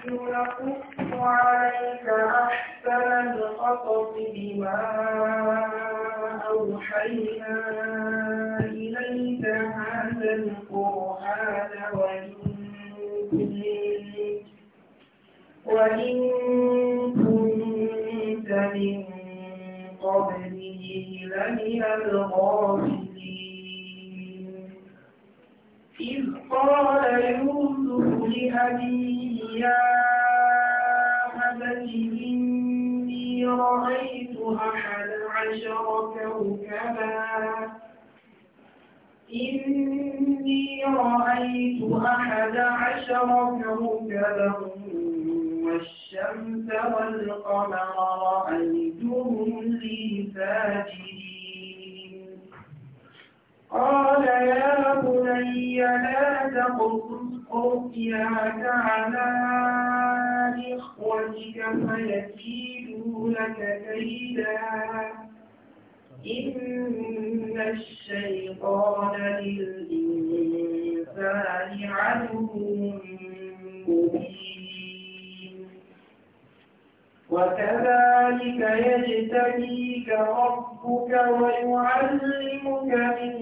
نحن نقص عليك أحسن القصص بما أوحينا إليك هذا القرآن وإن كنت وإن كنت من قبله لمن الغافلين إذ قال يوسف لأبيه يا أبت إني رأيت أحد عشر كوكبا إني رأيت أحد عشر كوكبا والشمس والقمر رأيتهم لي ساجدين قال يا بني لا تقصص أوحيا على إخوتك فيكيدوا لك كيدا إن الشيطان للإنسان عدو مبين وكذلك يجتبيك ربك ويعلمك من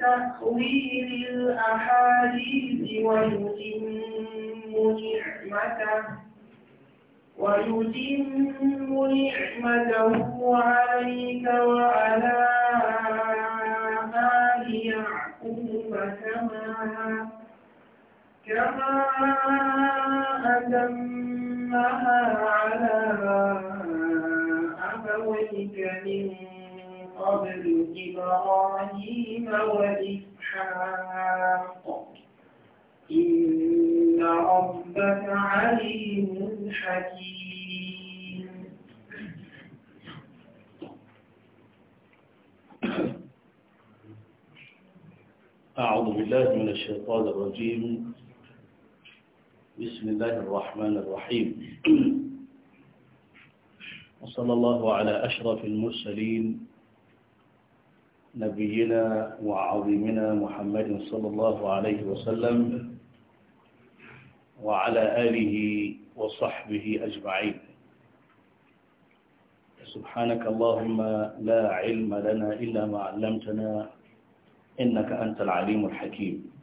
تأويل الأحاديث ويتم نعمته ويتم نعمته عليك وعلى آل يعقوب كما أدمها على أبويك من قبل إبراهيم وإسحاق إن ربك عليم حكيم أعوذ بالله من الشيطان الرجيم بسم الله الرحمن الرحيم وصلى الله على أشرف المرسلين نبينا وعظيمنا محمد صلى الله عليه وسلم وعلى آله وصحبه أجمعين سبحانك اللهم لا علم لنا إلا ما علمتنا إنك أنت العليم الحكيم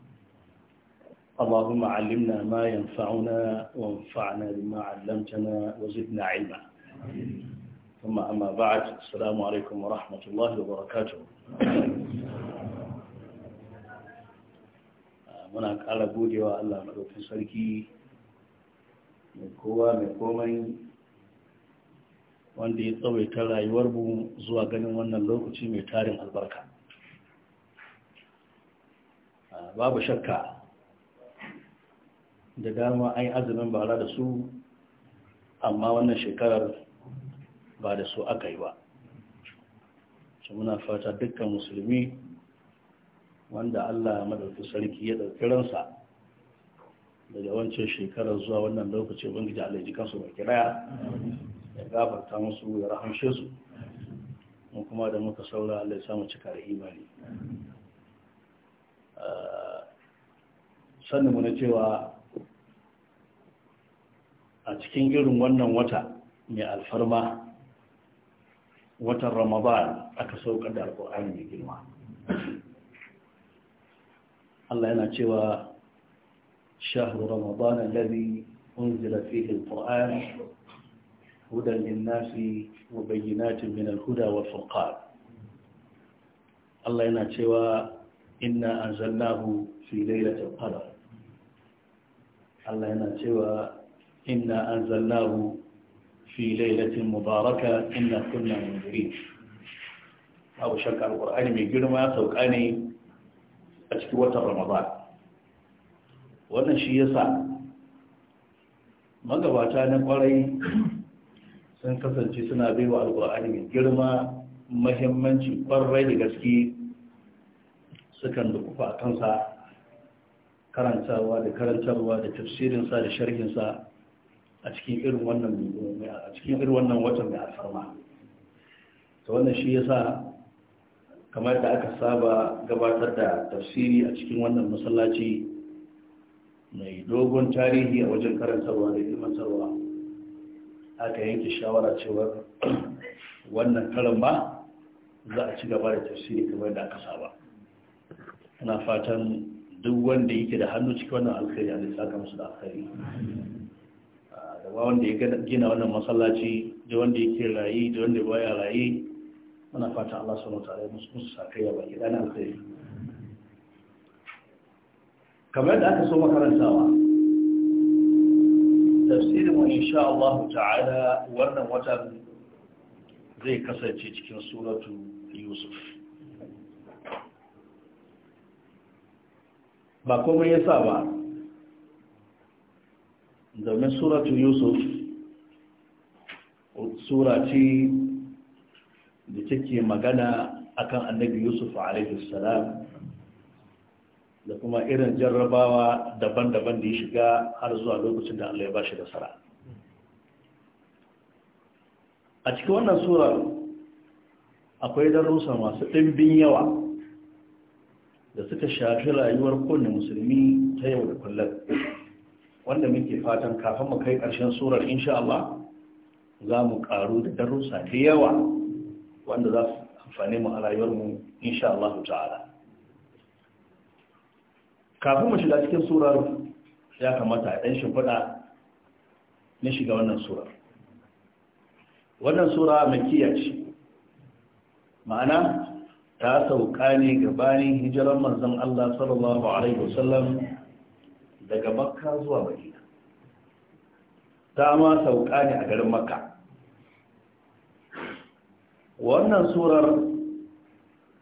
اللهم علمنا ما ينفعنا وانفعنا بما علمتنا وزدنا علما ثم أما بعد السلام عليكم ورحمة الله وبركاته muna ƙara godewa Allah maɗaukin sarki mai kowa mai komai wanda ya rayuwar rayuwarmu zuwa ganin wannan lokaci mai tarin albarka babu shakka da dama an yi azumin bara da su amma wannan shekarar ba da su aka yi ba su muna fata dukkan musulmi wanda allah ya madauki sarki ya ɗauki ransa daga wancan shekarar zuwa wannan lokacin bangiji alaiji kansu mai kiraya ya gafarta musu ya rahamshe su mun kuma da muka saura allah ya samu cika da imani ah, sannan mu na cewa a cikin irin wannan wata mai alfarma watan ramadan aka saukar da alkur'ani mai girma Allah yana cewa shahru ramadan alladhi unzila fihi alquran hudan lin-nasi wa bayyinatin min al-huda wal furqan Allah yana cewa inna anzalnahu fi lailatul qadr Allah yana cewa إنا أنزلناه في ليلة مباركة إنا كنا منذرين أو شك القرآن من جنما سوكاني أسكوة رمضان wannan shi yasa magabata na kwarai sun kasance suna baiwa alkur'ani mai girma mahimmanci kwarai da gaske sukan da kufa kansa karantawa da karantarwa da tafsirinsa da sharhinsa a cikin irin wannan a cikin irin wannan watan da alfarma to wannan shi yasa kamar da aka saba gabatar da tafsiri a cikin wannan masallaci mai dogon tarihi a wajen karantarwa da ilmantarwa aka yanke shawara cewar wannan karan ba za a ci gaba da tafsiri kamar da aka saba ana fatan duk wanda yake da hannu cikin wannan alkhairi a lissa musu da alkhairi da ba wanda ya gina wannan masallaci da wanda yake rayi da wanda baya rayi muna fata Allah subhanahu wataala ya musu musu ya baki dan alkhairi kamar yadda aka so makarantawa tafsirin mu insha Allah ta'ala wannan watan zai kasance cikin suratu Yusuf ba komai yasa ba domin suratu yusuf sura ce da take magana akan annabi yusuf salam da kuma irin jarrabawa daban-daban da ya shiga har zuwa lokacin da allah ya ba da sara a cikin wannan surar akwai darussa masu ɗimbin yawa da suka shafi rayuwar kowane musulmi ta yau da kullum wanda muke fatan kafin mu kai ƙarshen surar insha Allah za mu ƙaru da darussa da yawa wanda za su amfani mu a rayuwarmu insha Allah ta'ala kafin mu shiga cikin surar ya kamata a ɗan faɗa, na shiga wannan surar wannan sura makiya ce ma'ana ta sauka ne gabanin hijirar manzon Allah sallallahu alaihi wasallam daga makka zuwa madina ma sauka ne a garin makka wannan surar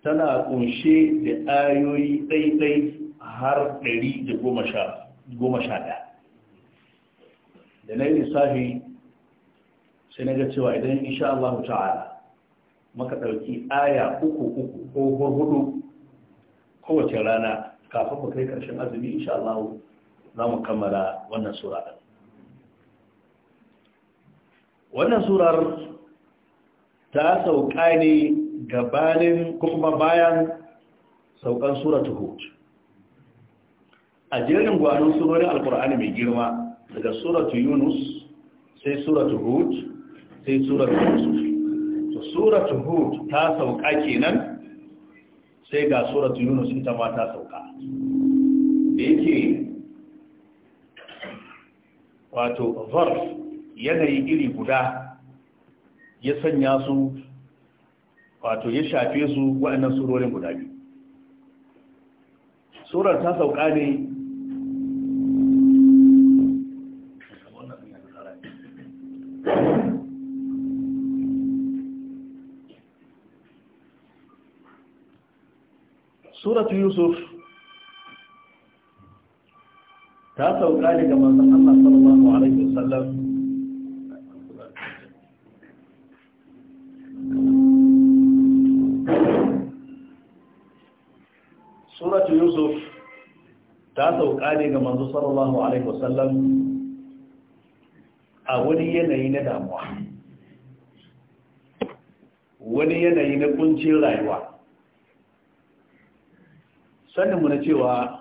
tana kunshe da ayoyi ɗaiɗai har 111 da na yi lissafi sai na ga cewa idan insha Allah ta'ala maka ɗauki aya uku uku ko hudu kowace rana kafin mu kai ƙarshen azumi insha Allah za mu kammala wannan sura ɗin wannan surar ta sauka ne gabanin kuma bayan saukan suratu hud a jerin gwanon surorin alkur'ani mai girma daga suratu yunus sai suratu hud sai suratu yusuf to suratu hud ta sauka kenan sai ga suratu yunus ita ma ta sauka da yake wato zarf yanayi iri guda ya sanya su wato ya shafe su waɗannan surorin guda biyu surar ta sauka ne suratu yusuf ta sauka daga manzon Allah sallallahu alaihi wasallam suratu yusuf ta sauka ne ga manzo sallallahu alaihi wasallam a wani yanayi na damuwa wani yanayi na kuncin rayuwa sannan mu na cewa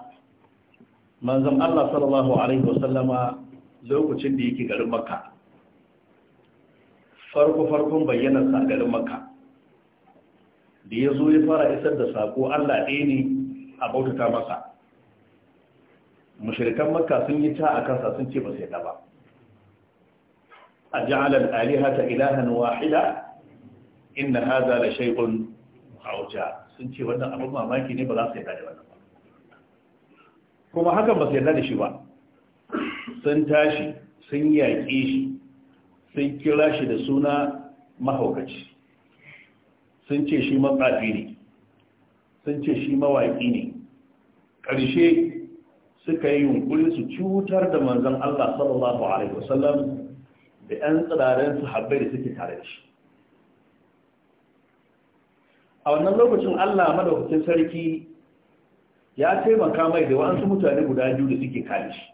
manzan Allah sallallahu alaihi wasallama lokacin da yake garin makka farko farkon bayyanar sa garin makka da ya zo ya fara isar da sako Allah ɗaya ne a bautata masa mushrikan makka sun yi ta a kansa sun ce ba sai ba a ja'alar alihata ilahan wahida inna hadha la shay'un auja sun ce wannan abin mamaki ne ba za su yi da wannan kuma hakan ba su yarda da shi ba sun tashi sun yaƙi shi sun kira shi da suna mahaukaci sun ce shi matsafi ne sun ce shi mawaƙi ne ƙarshe suka yi yunkurin su cutar da manzan Allah sallallahu Alaihi wasallam da 'yan tsiraren su habbai da suke tare da shi a wannan lokacin Allah madaukakin sarki ya taimaka mai da wasu mutane guda biyu da suke kare shi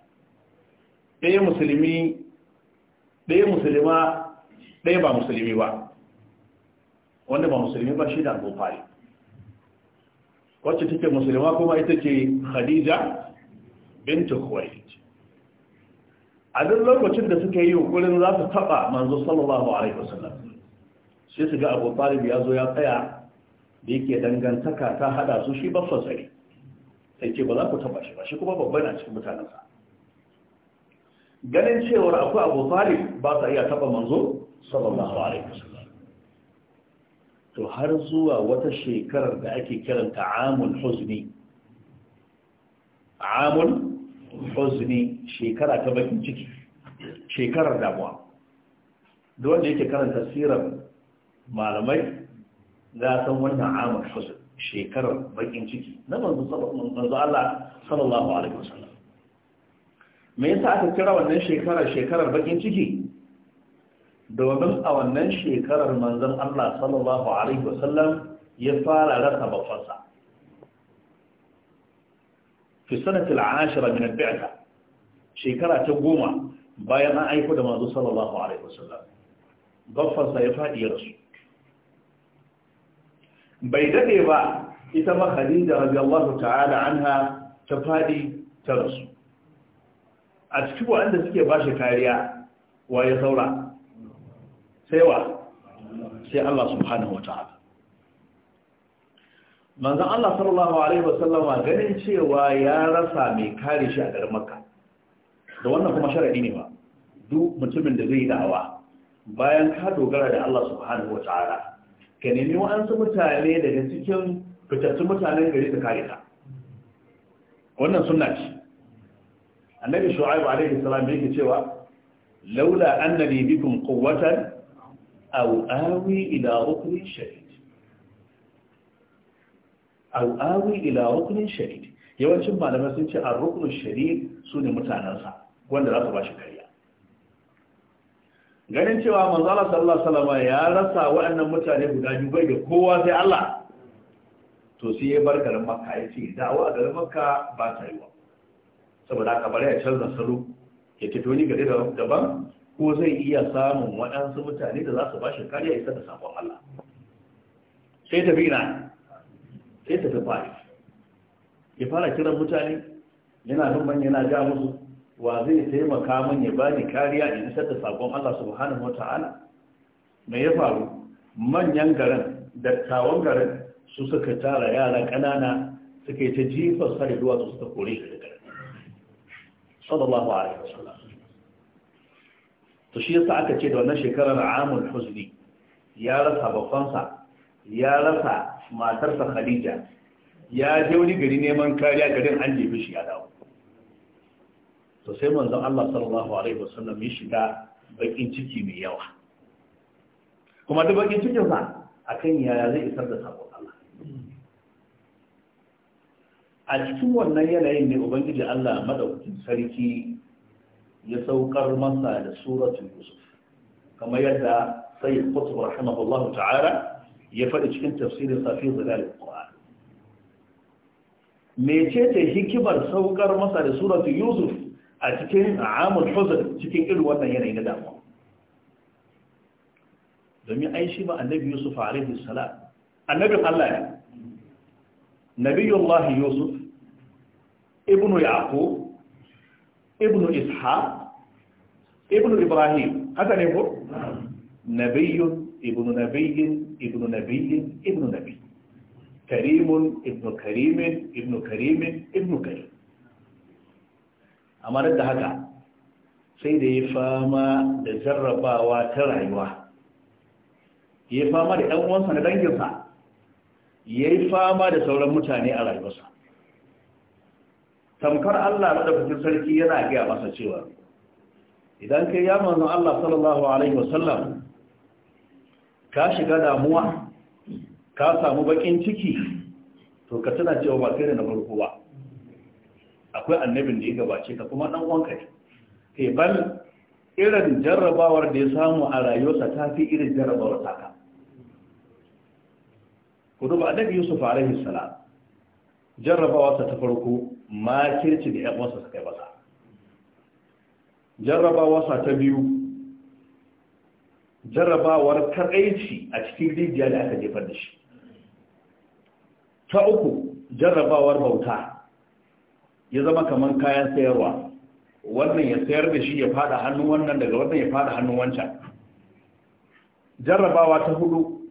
ɗaya musulmi ɗaya musulma ɗaya ba musulmi ba wanda ba musulmi ba shi da gofari wacce take musulma kuma ita ce khadija bintu khuwailid a duk lokacin da suka yi yunkurin za su taɓa manzo sallallahu alaihi wasallam sai su ga abu talib ya zo ya tsaya da yake dangantaka ta hada su shi ba fasari. sai ce ba za ku taba shi ba shi kuma babban a cikin mutanensa ganin cewar akwai abu fari ba sa iya taba manzo sallallahu alaihi wasallam to har zuwa wata shekarar da ake kiranta amul huzni amul huzni shekara ta bakin ciki shekarar damuwa duk wanda yake karanta sirar malamai za san wannan amul huzni shekarar bakin ciki na manzo Allah sallallahu alaihi wasallam me yasa aka kira wannan shekarar shekarar bakin ciki domin a wannan shekarar manzon Allah sallallahu alaihi wasallam ya fara rasa bafansa fi sanati 10 min al-bi'sa shekara ta goma bayan an aiko da manzo sallallahu alaihi wasallam bafansa ya fadi rasu bai dade ba ita ma khadija radiyallahu ta'ala anha ta fadi ta rasu a cikin wanda suke bashi kariya wa ya saura sai wa sai Allah subhanahu wata'ala manzon Allah sallallahu alaihi wasallama ganin cewa ya rasa mai kare shi a garin Makka da wannan kuma sharadi ne ba duk mutumin da zai da'awa bayan ka dogara da Allah subhanahu wata'ala ka nemi wa'ansu mutane daga cikin fitattun mutanen gari su kare ta wannan sunna ce annabi shu'aib alaihi salam yake cewa laula annabi bikum quwwatan aw awi ila rukunin shahid aw awi ila ruknin yawancin malamai sun ce ar-ruknu shadid sune mutanansa wanda za su ba shi kariya ganin cewa manzala sallallahu alaihi wasallam ya rasa waɗannan mutane guda biyu bai da kowa sai Allah to sai ya bar garin Makka ya ce dawo a garin Makka ba ta wa? saboda haka bari ya canza salo ya tafi wani gari daban ko zai iya samun waɗansu mutane da za su ba shi kariya isa da sakon Allah sai tafi ina sai tafi Paris ya fara kiran mutane yana bin yana ja musu wa zai taimaka min ya bani kariya in isar da sakon Allah subhanahu wata'ala me ya faru manyan garin dattawan garin su suka tara yara kanana suka ta jifa sare zuwa su suka kore shi daga sallallahu alaihi wasallam to shi yasa aka ce da wannan shekarar amul huzni ya rasa babansa, ya rasa matarsa khadija ya je wani gari neman kariya garin an jefe shi ya dawo to sai manzon Allah sallallahu alaihi wasallam ya shiga bakin ciki mai yawa kuma da bakin cikin sa akan yaya zai isar da sabon Allah a cikin wannan yanayin ne ubangiji Allah madaukakin sarki ya saukar masa da suratul yusuf kamar yadda sayyid qutb rahimahullahu ta'ala ya faɗi cikin tafsirin safi zalal qur'an mecece hikimar saukar masa da suratul yusuf a cikin amul huzur cikin irin wannan yanayi na damuwa domin ai shi ba annabi yusuf alaihi salam annabi Allah ya nabi allah yusuf ibnu yaqub ibnu ishaq ibnu ibrahim haka ne ko nabiyyun ibnu nabiyyin ibnu nabiyyin ibnu nabi karimun ibnu karimin ibnu karimin ibnu karim amma da haka sai da ya fama da jarrabawa ta rayuwa ya fama da ɗan uwansa na danginsa ya yi fama da sauran mutane a rayuwarsa tamkar Allah da madaukakin sarki yana gaya masa cewa idan kai ya manzon Allah sallallahu alaihi wasallam ka shiga damuwa ka samu bakin ciki to ka tana cewa ba kai da na farko ba akwai annabin da ya gabace ka kuma dan uwanka ne kai bal irin jarrabawar da ya samu a rayuwarsa ta fi irin jarrabawar taka ku duba annabi yusuf alaihi salam jarrabawarsa ta farko ma kirci da yan uwansa suka yi masa jarrabawarsa ta biyu jarrabawar karaici a cikin rijiya da aka jefar da shi ta uku jarrabawar bauta ya zama kamar kayan sayarwa wannan ya sayar da shi ya fada hannun wannan daga wannan ya fada hannun wancan jarrabawa ta hudu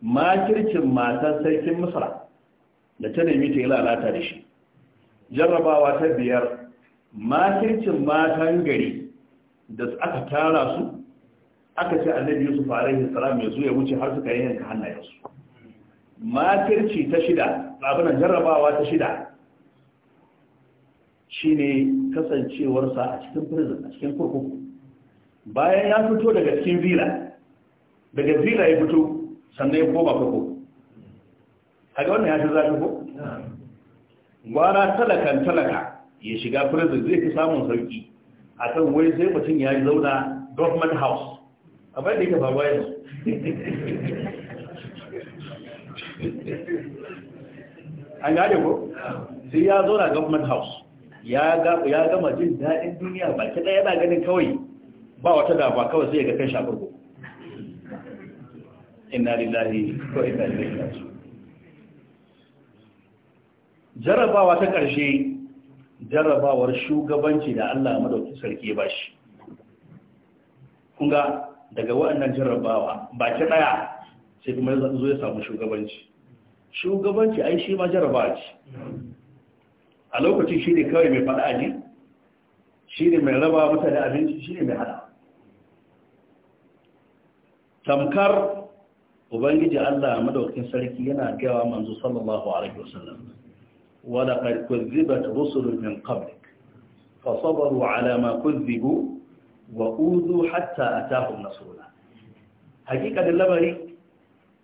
makircin matan sarkin misra da ta nemi ta yi lalata da shi jarrabawa ta biyar makircin matan gari da aka tara su aka ce annabi yusuf alaihi salam ya zo ya wuce har suka yanka hannayensu makirci ta shida abinan jarrabawa ta shida shine kasancewarsa a cikin prison a cikin kurkuku bayan ya fito daga cikin zila daga zila ya fito sannan ya koma kurkuku a ga wannan ya shi zafi ko gwara talakan talaka ya shiga prison zai fi samun sauki a kan wai sai mutum ya zauna government house bai da yake faruwa yanzu an gane ko sai ya zauna government house ya gama jin daɗin duniya baki ɗaya ba ganin kawai ba wata dafa kawai sai ga kan shafurgo Ina lillahi ko ina lillahi raji'un jarabawa ta ƙarshe jarabawar shugabanci da Allah madauki sarki ba shi kunga daga waɗannan ba baki ɗaya sai kuma zo ya samu shugabanci shugabanci ai shi ma jarabawa ce a lokacin shi ne kawai mai faɗa aji shi ne mai raba mutane abinci shi ne mai hada tamkar ubangiji allah madaukakin sarki yana gawa manzo sallallahu alaihi wasallam wadda kuzzibat rusulun min qablik fasabaru ala ma kuzzibu wa uzu hatta atahum nasruna hakikatin lamari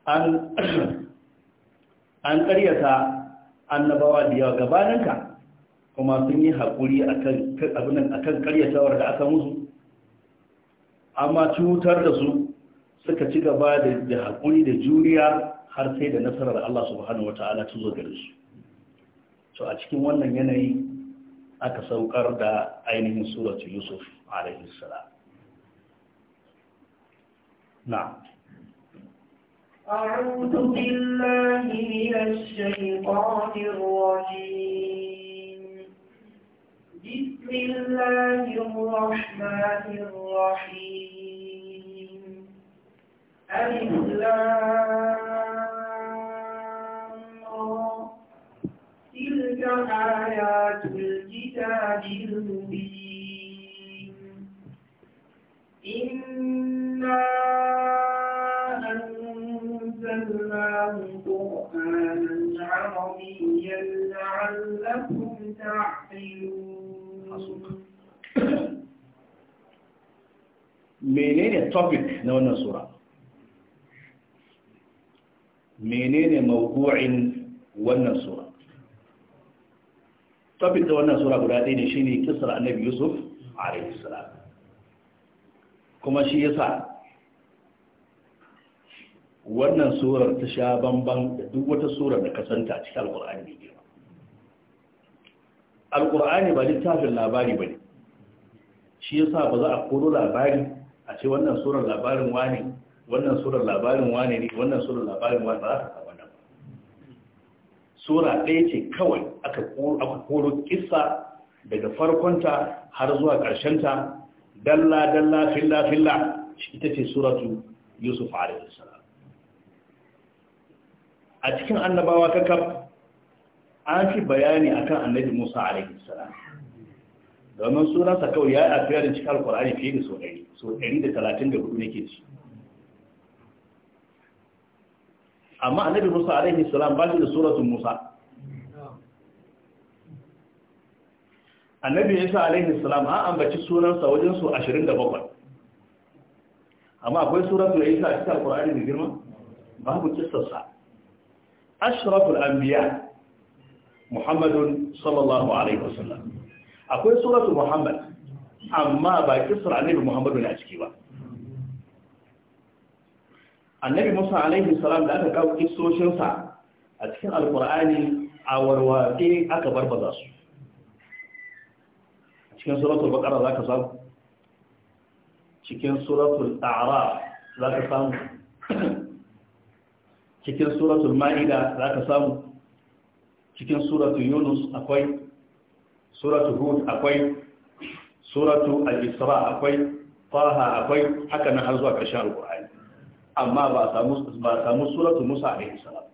an an ƙaryata annabawa da yawa gabaninka kuma sun yi haƙuri a kan karyatawar da aka musu amma cutar da su suka ci gaba da haƙuri da juriya har sai da nasarar Allah subhanahu wa ta'ala ta zo gare su to a cikin wannan yanayi aka saukar da ainihin surat yusuf alaihi na أعوذ بالله من الشيطان الرجيم بسم الله الرحمن الرحيم ألف تلك آيات الكتاب المبين إنا أنزلناه قرآنا عربيا لعلكم تعقلون a menene topic na wannan sura menene mawdu'in wannan sura topic da wannan sura guda ɗaya ne shine kisar annabi yusuf alaihi salam kuma shi yasa wannan surar ta sha bamban da duk wata surar da kasanta cikin alkur'ani alkur'ani ba littafin labari ba ne shi yasa ba za a koro labari a ce wannan surar labarin wane wannan surar labarin wane ne wannan surar labarin wane ba za ka kawo nan sura ɗaya ce kawai aka koro kissa daga farkonta har zuwa ta, dalla dalla filla filla ita ce suratu yusuf alaihi salam a cikin annabawa kakaf an fi bayani akan annabi Musa alaihi salam domin sunansa kawai ya yi afiya da cikin alkur'ani fiye da sau ɗari da talatin da nake ci amma annabi musa alaihi salam ba shi da suratun musa annabi isa alaihi salam an ambaci sunansa wajen su ashirin da bakwai amma akwai suratun isa a cikin alkur'ani da girma babu kistarsa ashraful anbiya muhammadun sallallahu alaihi wasallam akwai suratu muhammad amma ba kisar annabi muhammadu ne a ciki ba annabi musa alaihi salam da aka kawo kisoshinsa a cikin alkur'ani a warwaɗe aka barbaza su cikin suratul baqara zaka samu cikin suratul a'raf zaka samu cikin suratul ma'ida zaka samu cikin suratu yunus akwai suratu hud akwai suratu al-isra akwai faha akwai haka nan har zuwa ƙarshen alƙur'ani amma ba samu ba samu suratu musa alayhi salam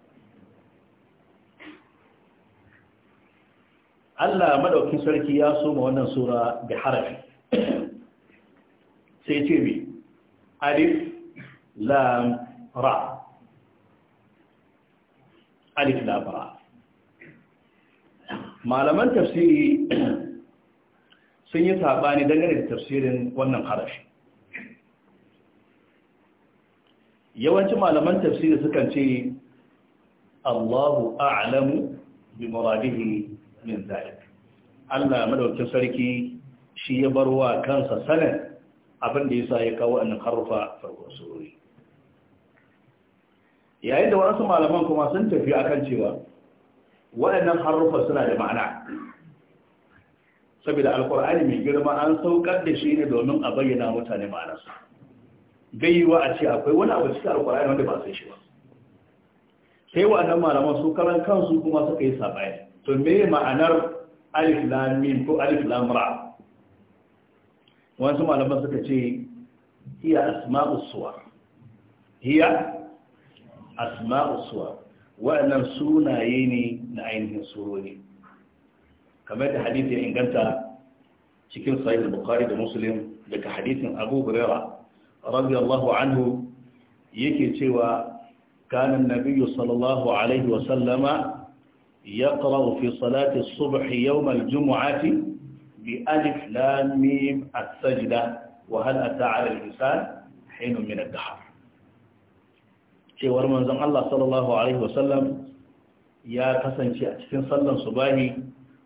Allah madaukin sarki ya soma wannan sura bi harafi sai ce mi alif lam ra alif lam ra malaman tafsiri sun yi saɓani dangane da tafsirin wannan harashi. yawancin malaman tafsiri sukan ce Allahu a'lamu bi muradihi min zalik Allah madaukakin sarki shi ya bar wa kansa sanin abin da yasa ya kawo annan harufa farko surori yayin da wasu malaman kuma sun tafi akan cewa waɗannan harufa suna da ma'ana saboda alkur'ani mai girma an saukar da shi ne domin a bayyana mutane ma'anarsa gaiwa a ce akwai wani abu cikin alkur'ani wanda ba sai shi ba sai waɗannan malaman su karan kansu kuma suka yi saɓani to me ma'anar alif lam mim ko alif lam ra wasu malaman suka ce hiya asma'us suwar hiya asma'us suwar wa'annan sunaye ne na ainihin surori kamar da hadisi ya inganta cikin sahih bukhari da muslim daga hadithin abu hurairah radiyallahu anhu yake cewa kana nabiyyu sallallahu alaihi wa sallama yaqra fi salati as-subh yawm al-jum'ati bi alif lam mim as-sajda wa hal ata al-insan hin min ad-dahr cewar manzon Allah sallallahu alaihi wasallam ya kasance a cikin sallan subahi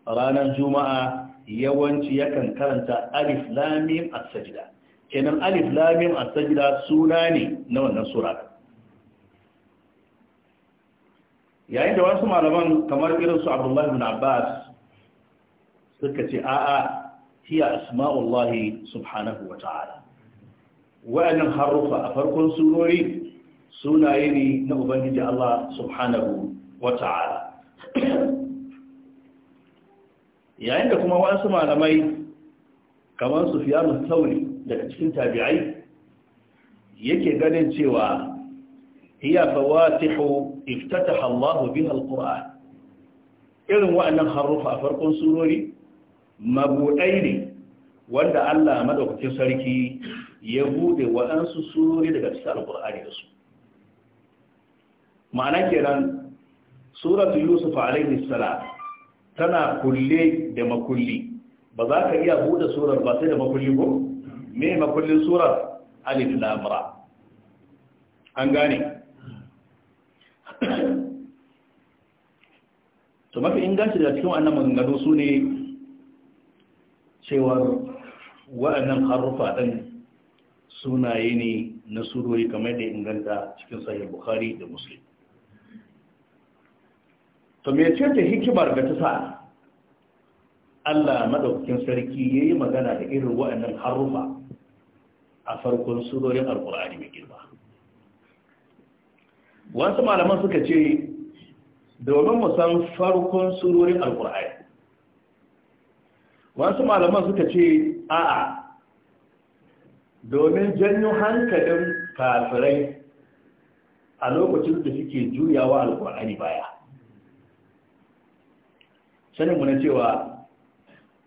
ranar juma'a yawanci yakan karanta alif lamim as-sajda kenan alif lamim as-sajda suna ne na wannan sura yayin da wasu malaman kamar irin su Abdullah ibn Abbas suka ce a'a hiya asma'ullahi subhanahu wa ta'ala wa'annan harufa a farkon surori sunaye ne na ubangiji Allah subhanahu wa ta'ala yayin da kuma wasu malamai kamar sufiyanu sauri daga cikin tabi'ai yake ganin cewa hiya fawatihu iftataha Allahu Al-Quran. irin wa'annan harufa farkon surori mabuɗai ne wanda Allah madaukakin sarki ya buɗe wa'ansu surori daga cikin alqur'ani da su ma'ana kenan suratun yusuf alaihi salam tana kulle da makulli ba za ka iya buɗe surar ba sai da makulli ko me makullin surar alif lam ra an gane to mafi inganci da cikin wannan maganganu su ne cewar wa'annan harufa ɗin sunaye ne na surori kamar da inganta cikin sahih bukhari da muslim to me ce ta hikimar da ta sa Allah madaukakin sarki yayi magana da irin wa'annan harufa a farkon surorin alkur'ani mai girma wasu malaman suka ce domin mu san farkon surorin alkur'ani wasu malaman suka ce a'a domin janyo hankalin kafirai a lokacin da suke juyawa alkur'ani baya sanin mu na cewa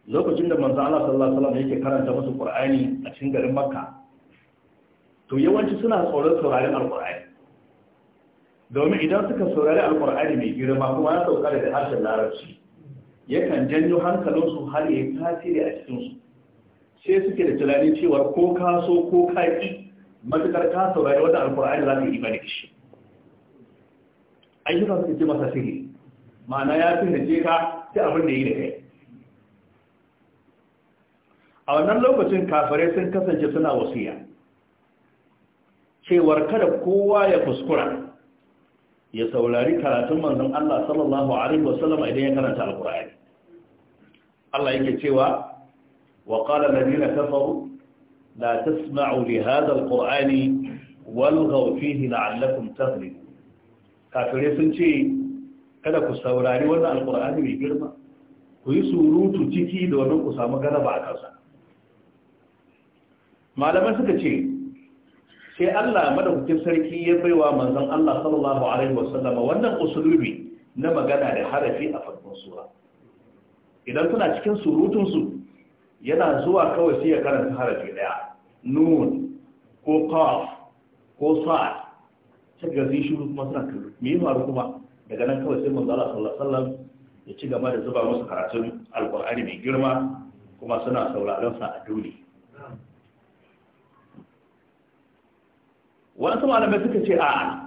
lokacin da manzo Allah sallallahu alaihi wasallam yake karanta musu Qur'ani a cikin garin Makka to yawanci suna tsoron sauraron Al-Qur'ani domin idan suka saurari Al-Qur'ani mai girma kuma ya sauka da harshen Larabci yakan janyo hankalinsu har ya tasiri a cikin su sai suke da tunani cewa ko ka so ko ka ki matukar ka saurari wanda Al-Qur'ani za ka yi bane shi ayyukan suke ke masa sihiri ma'ana ya fi da ka sai abin da yi da kai a wannan lokacin kafirai sun kasance suna wasiya cewar kada kowa ya kuskura ya saurari karatun manzon Allah sallallahu alaihi wasallam idan ya karanta alqur'ani Allah yake cewa wa qala alladhina kafaru la tasma'u li hadha alqur'ani walghaw fihi la'allakum taghlibun Kafare sun ce kada ku saurari wannan alkur'ani mai girma ku yi surutu ciki da wani ku samu galaba a kansa malamai suka ce sai Allah madaukakin sarki ya baiwa manzon Allah sallallahu alaihi wasallam wannan usulubi na magana da harafi a farkon sura idan suna cikin surutun su yana zuwa kawai sai ya karanta harafi daya nun ko qaf ko sa ta gazi shuru kuma suna yi kuma daga nan kawai sai manzo sallallahu ya ci gaba da zuba masu karatun alqur'ani mai girma kuma suna sauraron sa a dole wasu malamai suka ce a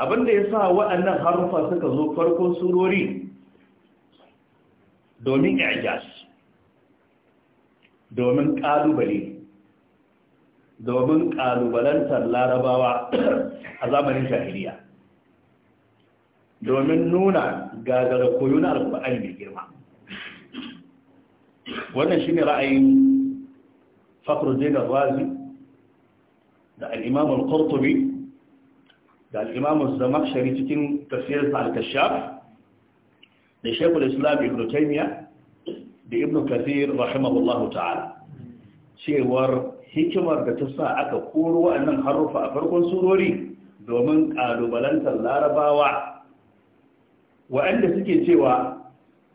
abin da ya sa waɗannan harufa suka zo farkon surori domin ijaz domin ƙalubale domin ƙalubalantar larabawa a zamanin shahiliya domin nuna gagara koyo na alƙur'ani mai girma wannan shi ne ra'ayin fakhruddin razi da al'imam al-qurtubi da al'imam al cikin tafiyar al-kashaf da shekul islam ibn da ibn kathir rahimahullahu ta'ala cewar hikimar da ta sa aka koro waɗannan harufa a farkon surori domin ƙalubalantar larabawa wa'anda suke cewa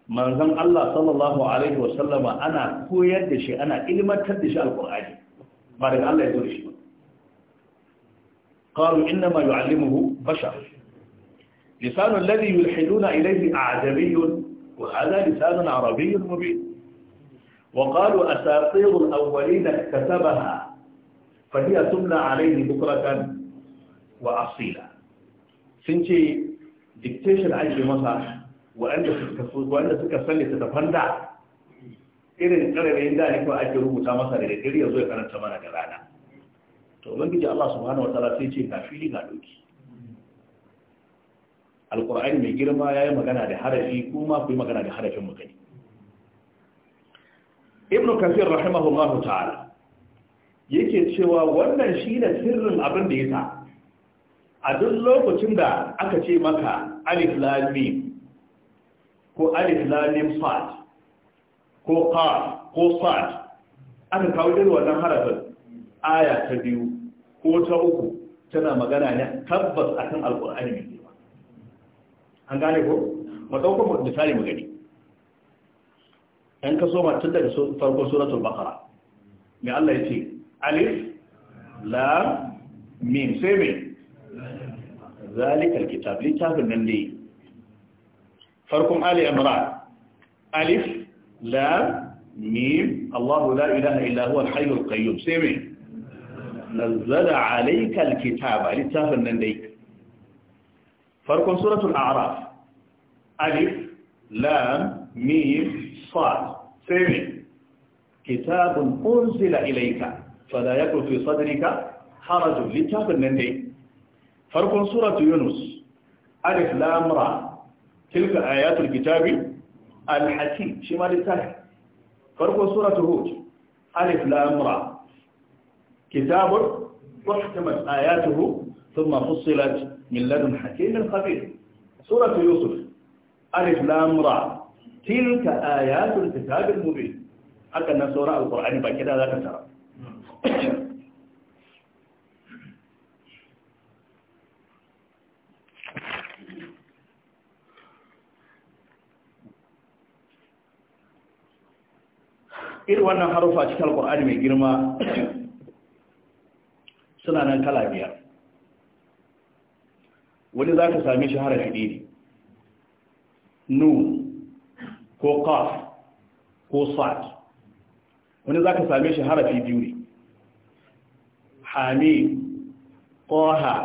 manzon Allah sallallahu alaihi wasallama ana koyar da shi ana ilmantar da shi alqur'ani ba daga Allah ya zo da shi ba qalu inna ma yu'allimuhu bashar lisan alladhi yulhiduna ilayhi a'jabiy wa hadha lisan arabiy mubin وقالوا أساطير الأولين اكتسبها فهي تملى عليه بكرة وأصيلا سنتي dictation ake masa waɗanda suka sani ta tafan da irin ƙararrayin da ne kawai ake rubuta masa da gari ya zo ya karanta mana da rana to ubangiji Allah subhanahu wa ta'ala sai ce ga fili ga doki alqur'ani mai girma yayi magana da harafi kuma ku yi magana da harafin mu gani ibnu kathir rahimahullahu ta'ala yake cewa wannan shi ne sirrin abin da sa. a duk lokacin da aka ce maka alif lamim ko alif lamim sad ko qaf ko sad aka kawo irin wannan harafin aya ta biyu ko ta uku tana magana ne tabbas akan alqur'ani ne an gane ko mu dauko misali mu gani an ka so tun daga farkon suratul baqara me Allah yace alif lam mim sai ذلك الكتاب لتاب النندي فركم آل عمران ألف لا ميم الله لا إله إلا هو الحي القيوم سيمي نزل عليك الكتاب لتاب النندي فركم سورة الأعراف ألف لا ميم صاد سيمين كتاب أنزل إليك فلا يكن في صدرك حرج لتاب النندي farkon suratu yunus alif lam ra tilka ayatul kitabi al-hakim shi ma littafi farkon suratu hud alif lam ra kitabun uhkamat ayatuhu thumma fussilat min ladun hakimin khabir suratu yusuf alif lam ra tilka ayatul kitabil mubin haka nan sauran alqur'ani ba kida zaka tara irin wannan harufa cikin alkur'ani mai girma suna nan kala biyar wani za ka sami shi harafi ne nun ko kaf ko sa'ad wani za ka sami shi harafi biyu ne hami ƙoha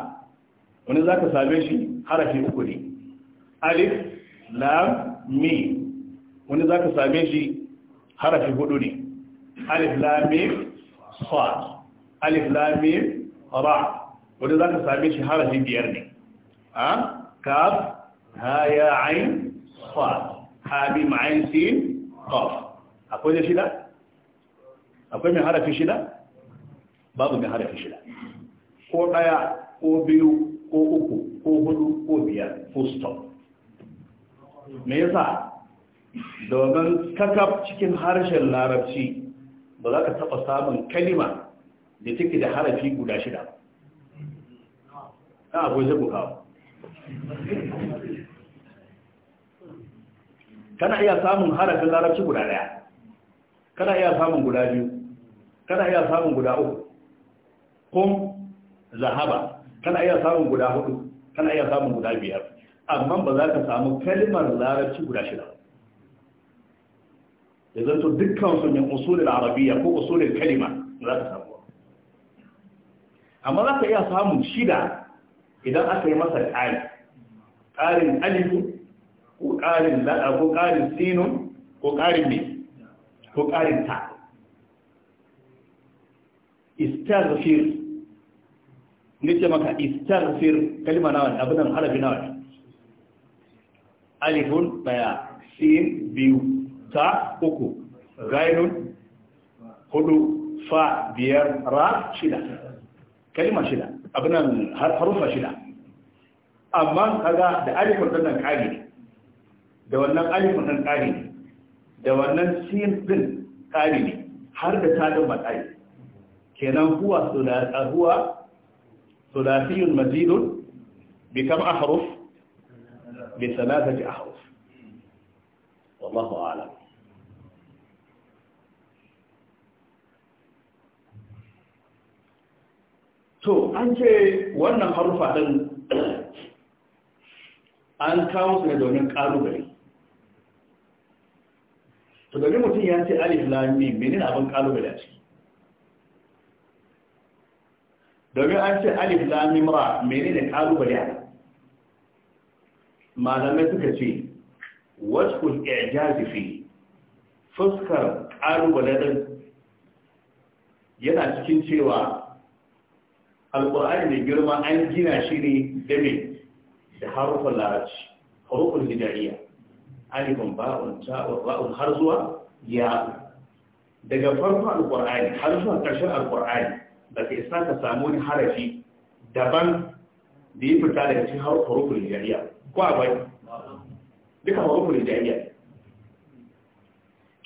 wani za ka sami shi harafi uku ne alif lam mi wani za ka sami shi harafi hudu ne alif lamim sad alif lamim ra wanda za ka same shi harafi biyar ne a kaf ha ya ain sad ha bi ma'ain sin qaf akwai da akwai mai harafi shida babu mai harafi shida ko daya ko biyu ko uku ko hudu ko biyar ko stop me yasa domin kakaf cikin harshen larabci ba za ka taɓa samun kalima da take da harafi guda shida na akwai zai bukawa kana iya samun harafin larabci guda daya kana iya samun guda biyu kana iya samun guda uku kun zahaba kana iya samun guda hudu kana iya samun guda biyar amma ba za ka samu kalimar larabci guda shida ya zanto dukkan su min usulul arabiyya ko usulul kalima za ka samu amma za ka iya samun shida idan aka yi masa ƙari ƙarin alifu ko ƙarin la'a ko ƙarin sinun ko ƙarin ne ko ƙarin ta istaghfir nace maka istaghfir kalma nawa abudan harafi nawa alifun daya sin biyu ta uku gainun hudu fa biyar ra shida kalima shida abinan harufa shida amma kaga da alifin din nan kari da wannan alifin nan kari da wannan sin din kari ne har da ta din matsayi kenan huwa huwa sulasiyun mazidun bi kam ahruf bi salatati ahruf wallahu a'lam to an ce wannan harufa ɗin an kawo su ne domin ƙalubale to domin mutum ya ce alif lami menin abin ƙalubale a ciki domin an ce alif lami mara menene ƙalubale a malamai suka ce wasu ijazi fi fuskar ƙalubale ɗin yana cikin cewa القرآن من جرما أن جنا شيري دمي حروف اللارج حروف الهجائية ألف باء تاء راء حرزوا يا دجا فرض القرآن حرزوا كشر القرآن بس إسناد سامون حرفي دبن دي بتاعه شيء حروف حروف الهجائية قوي دي حروف الهجائية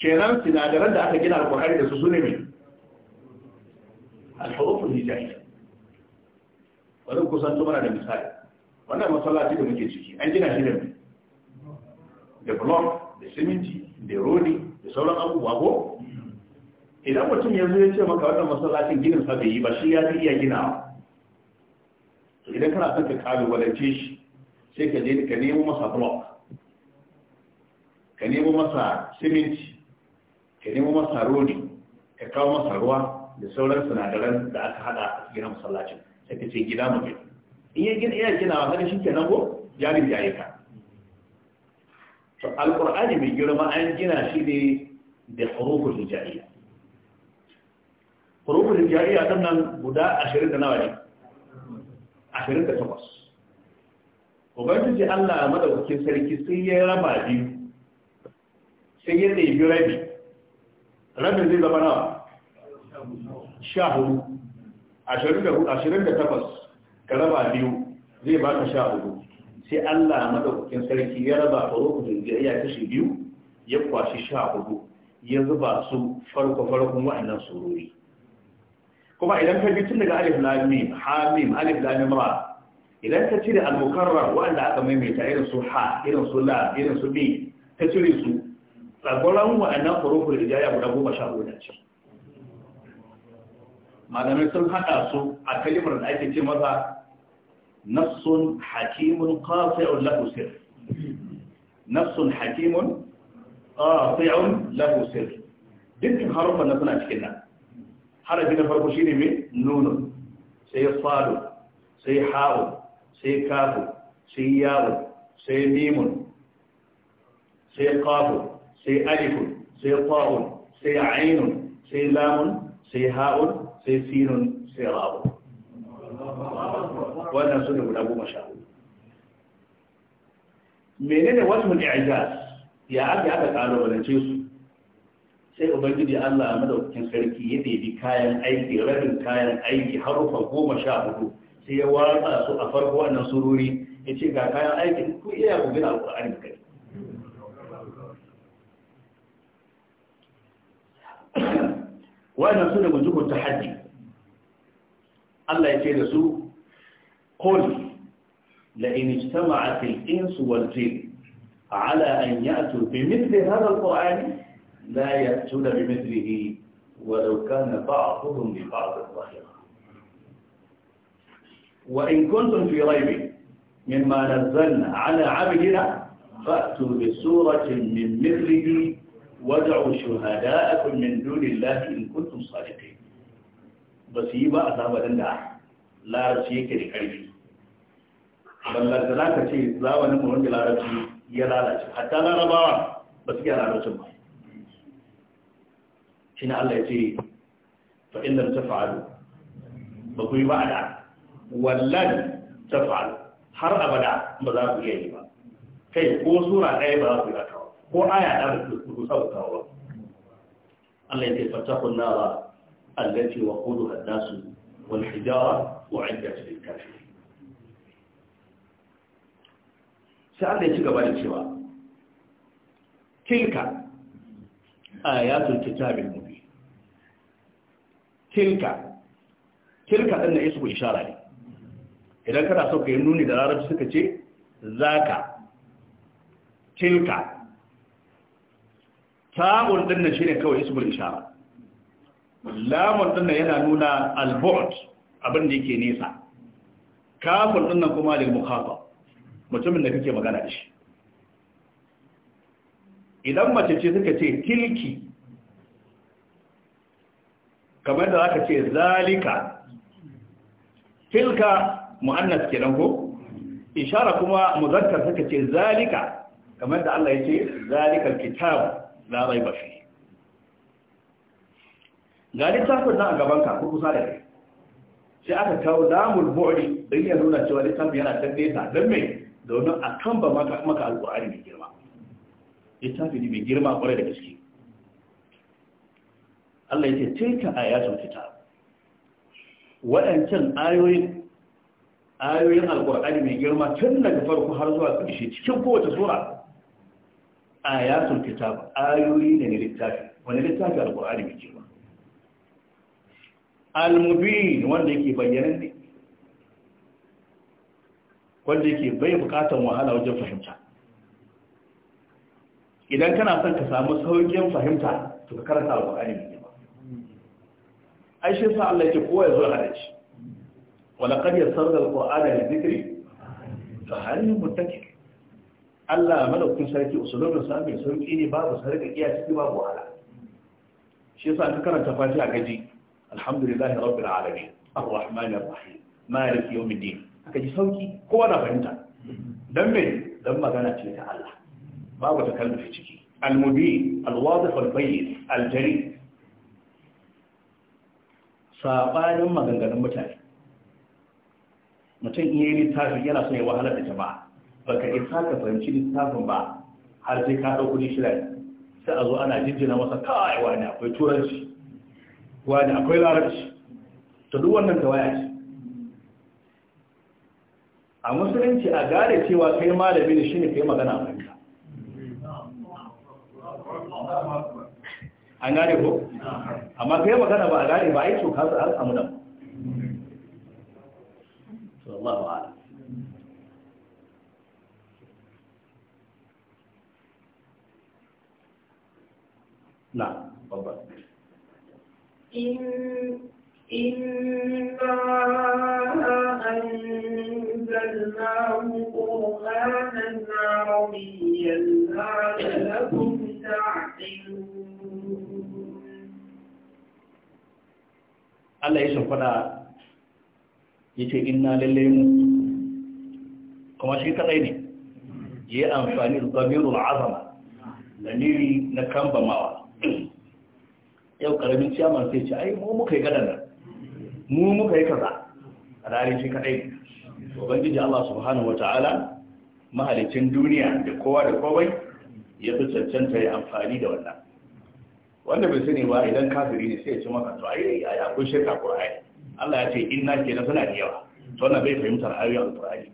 كلام سنادرا ده أكيد القرآن ده سوسي مين الحروف الهجائية bari ku san mana da misali wannan masallaci da muke ciki an gina shi da mai da block da siminti da rodi da sauran abubuwa ko idan mutum yanzu ya ce maka wannan masallacin ginin sa bai yi ba shi ya fi iya ginawa to idan kana son ka kalubalance shi sai ka je ka nemo masa block ka nemo masa siminti ka nemo masa rodi ka kawo masa ruwa da sauran sinadaran da aka hada a cikin masallacin sai ce gida mu gani in ya gina iya gina wa shi nan ko jarin ya yi ka to alqur'ani mai girma an gina shi ne da huruful hijaiya huruful hijaiya don nan guda ashirin da nawa ne Ashirin da 28 ubangiji Allah madaukakin sarki sai ya raba biyu sai ya ɗebi rabi rabin zai zama nawa sha hudu ashirin da ka raba biyu zai baka sha hudu sai Allah madaukakin sarki ya raba farko da jiriya kashi biyu ya kwashi sha hudu ya zuba su farko farkon wa'annan surori kuma idan ka bi tun daga alif lam mim hamim alif lam ra idan ka cire al mukarrar wanda aka maimaita irin su ha irin su la irin su bi ka cire su tsagoran wa'annan farko da ya guda goma sha hudu ce malamai sun haɗa su a kalimar da ake ce maza nafsun hakimun qasi'un lahu sir nafsun hakimun qasi'un lahu sir dukkan harufan na suna cikin nan harafi na farko shine me nunun sai sadu sai ha'u sai kafu sai yawo sai mimun sai qafu sai alifun sai ta'un sai ainun sai lamun sai ha'un sai sinun sai rabu wannan su ne guda goma sha menene wasu mun ijaz ya aka aka kalubalance su sai ubangiji Allah madaukakin sarki ya ɗebi kayan aiki rabin kayan aiki harufa goma sha hudu sai ya watsa su a farko wannan sururi ya ce ga kayan aiki ku iya ku gina alƙur'ani kai wannan su da gujubun tahaddi Allah ya ce da su qul la in ijtama'at al-insu wal jin ala an ya'tu bi mithli hadha al-qur'an la ya'tuna bi mithlihi ولو كان بعضهم لبعض ظاهرا وإن كنتم في ريب مما نزلنا على عبدنا فأتوا بسورة من مثله wad'u shuhada'akum min dunillahi in kuntum sadiqin ba su yi ba a zamanin da larabci yake da karfi ballar da zaka ce zamanin mu wanda larabci ya lalace hatta larabawa ba su iya larabcin ba shine Allah ya ce fa in lam taf'alu ba ku yi ba da wallan taf'alu har abada ba za ku iya yi ba kai ko sura ɗaya ba za ku yi ba ko aya da ba su sautawa Allah ya ce fatakun nara allati wa qudu haddasu wal hijara wa iddat lil kafir sai Allah ya ci gaba da cewa tilka ayatul kitabil mubin tilka tilka din da isu ishara ne idan kana so ka yi nuni da larabci suka ce zaka tilka ta'un din nan shine kawai ismul ishara lamun din nan yana nuna al-bu'd abin da yake nesa Kafun din nan kuma lil mukhata mutumin da kake magana da shi idan mace ce suka ce tilki kamar da zaka ce zalika tilka mu'annas kenan ko ishara kuma muzakkar suka ce zalika kamar da Allah ya ce zalikal kitab la ba shi ga littafin nan a gabanka ko kusa da kai sai aka kawo lamul bu'ri don ya nuna cewa littafin yana can nesa don me domin a kan ba maka alƙur'ani mai girma littafi ne mai girma kwarai da gaske Allah ya ce a ayatul kitab waɗancan ayoyin ayoyin alƙur'ani mai girma tun daga farko har zuwa ƙarshe cikin kowace sura ayatul kitab ayoyi ne na littafi wani littafi alqur'ani mai girma al-mubin wanda yake bayyana ne wanda yake bai buƙatar wahala wajen fahimta idan kana son ka samu saukin fahimta to ka karanta alqur'ani mai girma ai shi sa Allah yake kowa ya zo wala qad walaqad yassarna alqur'ana lidhikri fa hal mutakil Allah malaukin sarki usulun sa mai sauki ne babu sarki iya ciki babu wahala shi yasa ka karanta fatiha gaji alhamdulillahi rabbil alamin arrahman arrahim maliki yawmiddin aka ji sauki kowa na fahimta dan me dan magana ce ta Allah babu takallufi ciki al-mubin al-wadih al-bayyin al sabanin maganganun mutane mutum iya yi littafi yana son ya wahalar da jama'a baka isa ka fahimci littafin ba har sai ka ni shirai sai a zo ana jinjina masa kawai wani akwai turanci wani akwai larabci to duk wannan tawaya ce a musulunci a gane cewa kai malami ne shine kai magana a fahimta an gane ko amma kai magana ba a gane ba a yi tsoka su har samu nan نعم تفضل إن إنا أنزلناه قرآنا عربيا لعلكم تعقلون الله يسوع فدا yace inna lalle mu kuma shi kadai ne yi amfani da damirul azama dalili na kambamawa yau karamin ciyaman sai ce ai mu muka yi gadan nan mu muka yi kaza a ranar shi kadai ubangiji Allah subhanahu wataala mahalicin duniya da kowa da kowai ya fi cancanta ya amfani da wannan wanda bai sani ba idan kafiri ne sai ya ci maka to ai ai akwai shirka qur'ani Allah ya ce inna ke na suna da yawa to wannan bai fahimtar ayoyin qur'ani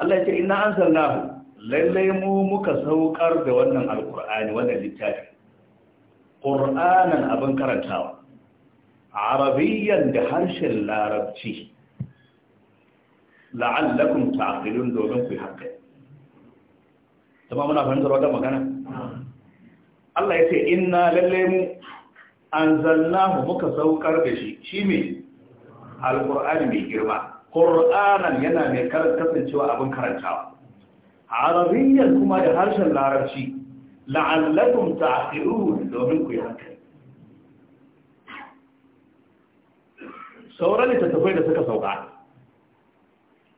Allah ya ce inna anzalnahu lallai mu muka saukar da wannan alkur'ani wannan littafin ƙur'anan abin karantawa arabiyyan da harshen larabci la'allakum ta'qilun domin ku yi haka tamam muna fahimtar wannan magana Allah ya yace inna lallai mu anzalnahu muka saukar da shi shi me alkur'ani mai girma qur'anan yana mai kasancewa abin karantawa arabiyyan kuma da harshen larabci la'allakum ta'qilun domin ku yi hankali sauran littattafai da suka sauka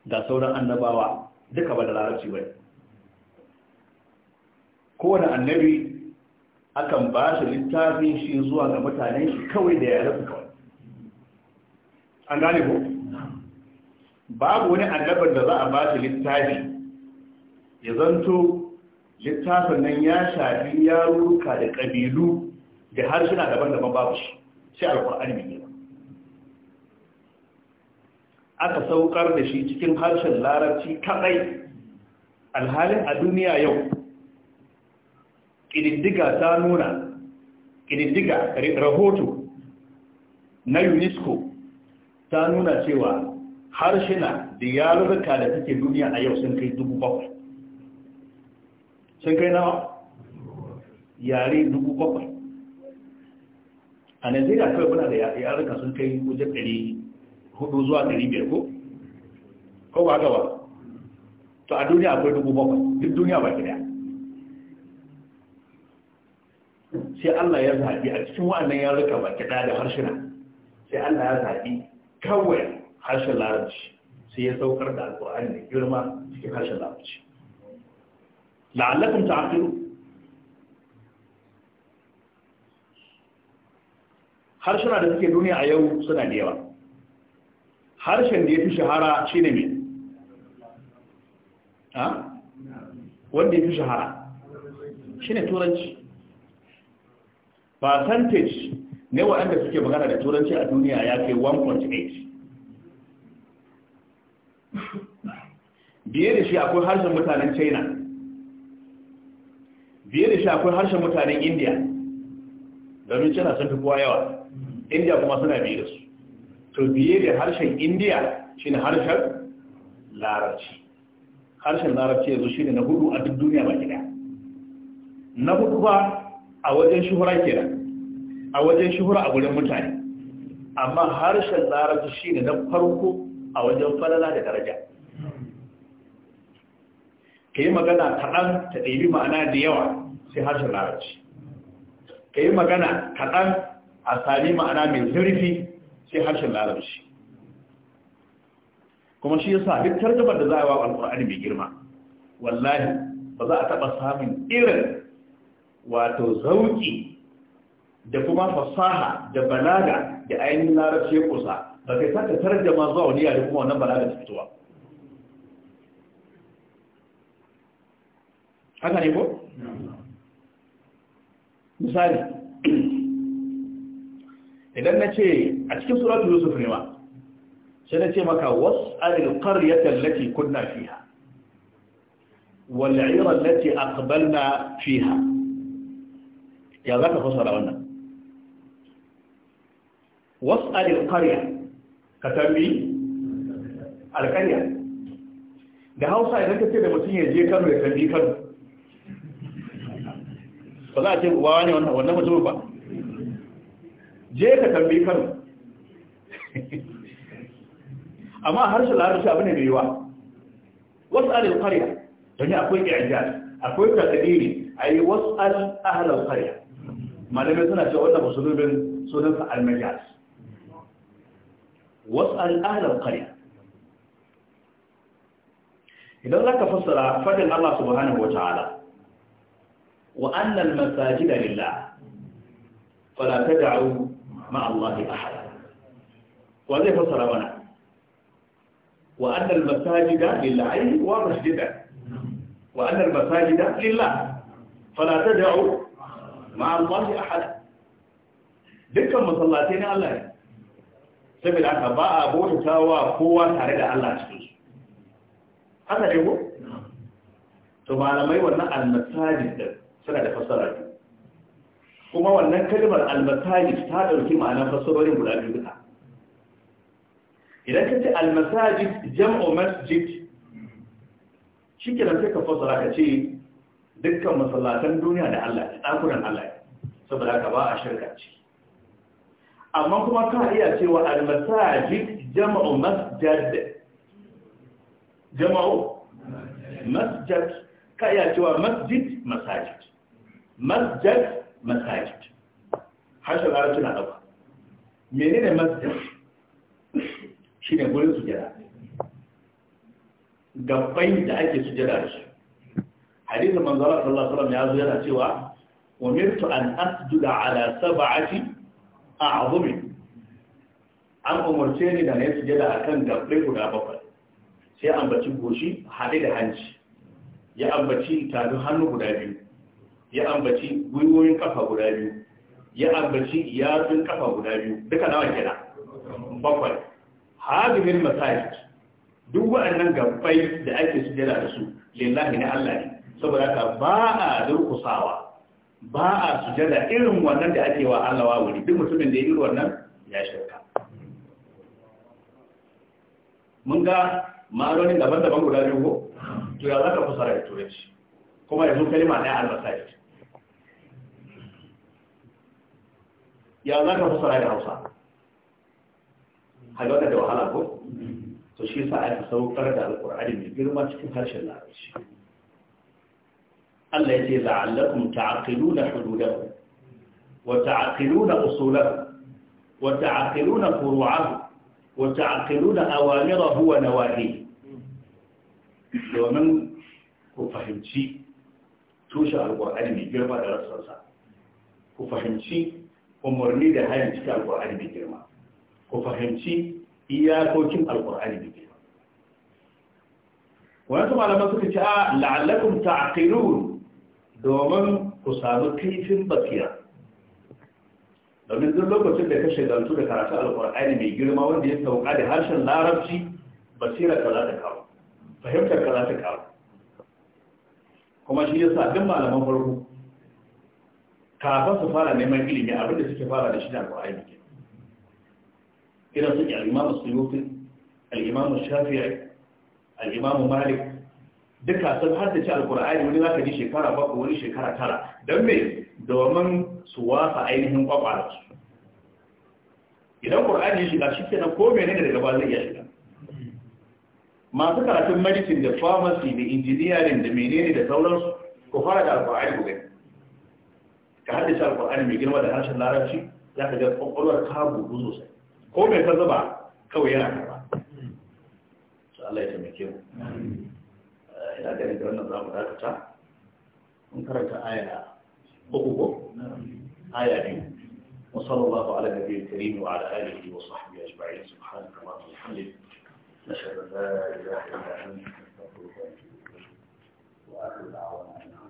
da sauran annabawa duka ba da larabci bai kowane annabi akan ba shi littafin shi zuwa ga mutanen shi kawai da yare su kawai an gane ko babu wani annabar da za a ba shi littafi ya zanto littafin nan ya shafi yaruka da ƙabilu da harsuna daban-daban babu shi sai alkur'ani mai aka saukar da shi cikin harshen larabci kaɗai alhalin a duniya yau ƙididdiga ta nuna ƙididdiga rahoto na unesco ta nuna cewa harshen da yarurruka da suke duniya a yau sun kai dubu bakwai sun kai nawa yare dubu bakwai a da kawai muna da yarukan sun kai wajen ɗari hudu zuwa ɗari biyar ko ko ba gaba to a duniya akwai dubu bakwai duk duniya ba gida sai allah ya zaɓi a cikin wa'annan yaruka ba gida da harshina sai allah ya zaɓi kawai harshen larabci sai ya saukar da alƙur'ani da girma cikin harshen larabci لعلكم تعقلون harshena da suke duniya a yau suna da yawa harshen da ya fi shahara shi ne mai ha? wanda ya fi shahara shi ne turanci percentage ne waɗanda suke magana da turanci a duniya ya kai 1.8 biye da shi akwai harshen mutanen china biye da shi akwai harshen mutanen indiya domin cina sun fi kowa yawa indiya kuma suna biye da su to biye da harshen indiya shine harshen larabci harshen larabci yanzu shine na hudu a duk duniya ba gida na hudu ba a wajen shuhura da. a wajen shuhura a gurin mutane amma harshen larabci shine na farko a wajen falala da daraja ka yi magana kaɗan ta ɗabi ma'ana da yawa sai harshen larabci ka yi magana kaɗan a sami ma'ana mai zurfi sai harshen larabci kuma shi yasa duk tarjabar da za a yi wa alƙur'ani mai girma wallahi ba za a taɓa samun irin wato zauki da kuma fasaha da balaga da ainihin larabci ya kusa ba kai saka tarjama zuwa wani yare kuma wannan balaga ta fitowa haka ne ko? misali idan na ce a cikin suratu yusuf ne ma sai na ce maka wasu alƙaryata lati kunna fiha wal'ira lati aqbalna fiha ya za zaka fasara wannan wasu alƙarya ka tambi alƙarya da hausa idan ka ce da mutum ya je kano ya tambi kano ba za a ce uwa ne wannan mutum ba je ka tambayi kano amma harshen larabci abu ne mai yiwa wasu alil ƙarya don akwai ƙirajiyar akwai takadiri a yi wasu al'ahalar ƙarya malamai suna ce wannan musulubin sunansa almajas wasu al'ahalar ƙarya idan za ka fassara fadin allah subhanahu wa ta'ala وأن المساجد لله فلا تدعوا مع الله أحدا وذي فصل هنا وأن المساجد لله أي واضح جدا وأن المساجد لله فلا تدعوا مع الله أحدا ذكر مصلاتين الله سبيل عنها باء أبوه ساوى قوة تريد الله تسوس هذا جبه نعم. ثم على ما يقول المساجد suna da fassara kuma wannan kalmar almasajid ta ɗauki ma'anar fassarorin guda biyu duka idan ka ce almasajid jam'u masjid shi ke sai ka fassara ka ce dukkan masallatan duniya da Allah da ɗakunan Allah saboda ka ba a shirka ce amma kuma ka iya cewa almasajid jam'u masjid jama'u masjid ka iya cewa masjid masajid masjid masajid harshen larabci na ɗauka menene masjid shi ne gurin sujada gabbai da ake sujada da shi hadisi manzara sallallahu alaihi ya zo yana cewa umirtu an asjuda ala sab'ati a'zumi an umarce ni da na yi sujada akan gabbai guda bakwai sai ambaci goshi haɗe da hanci ya ambaci tafin hannu guda biyu ya ambaci gwiwoyin kafa guda biyu ya ambaci yatsun kafa guda biyu duka nawa kenan bakwai hadimin masajid duk wa'annan gabbai da ake sujjada da su lillahi na Allah ne saboda ka ba a durkusawa ba a sujjada irin wannan da ake wa Allah wa wuri duk mutumin da ya yi wannan ya shirka mun ga ma'anonin daban-daban guda biyu ko to ya za ka fasara da turanci kuma yanzu kalma ɗaya al-masajid ya za ka fassara da hausa haka da wahala ko to shi sa aka saukar da alkur'ani mai girma cikin harshen larabci Allah ya ce la'allakum ta'aqiluna hududahu wa ta'aqiluna usulahu wa ta'aqiluna furu'ahu wa ta'aqiluna awamirahu wa nawahihi domin ku fahimci tushen alkur'ani mai girma da rassarsa ku fahimci umarni da hayan cikin alkur'ani mai girma ku fahimci iyakokin alkur'ani mai girma wani malaman suka ce a la'allakum ta'qilun domin ku samu kaifin basira domin duk lokacin da ka shagaltu da karatu alkur'ani mai girma wanda ya sauka da harshen larabci basira ka za ta kawo fahimtar ka za ta kawo kuma shi sa duk malaman farko kafin su fara neman ilimi abin da suke fara da shi da alƙur'ani ke irin suke al'imamu suyuti al'imamu shafi'i al'imamu malik duka sun ci alƙur'ani wani zaka ji shekara bakwai wani shekara tara don me domin su wasa ainihin kwakwalarsu idan ƙur'ani ya shiga shi kenan ko mene ne daga ba zai iya shiga masu karatun medicine da pharmacy da engineering da menene da sauransu ku fara da alƙur'ani ku gani ka haddace alƙur'ani mai girma da harshen larabci za ka ga ƙwaƙwalwar ka buɗu sosai ko mai ka zuba kawai yana karɓa su Allah ya taimake mu ina ganin da wannan zamu dakata mun karanta aya uku ko aya biyu وصلى الله على النبي الكريم وعلى آله وصحبه أجمعين سبحانك اللهم وبحمدك نشهد أن لا إله إلا أنت نستغفرك ونتوب إليك وآخر دعوانا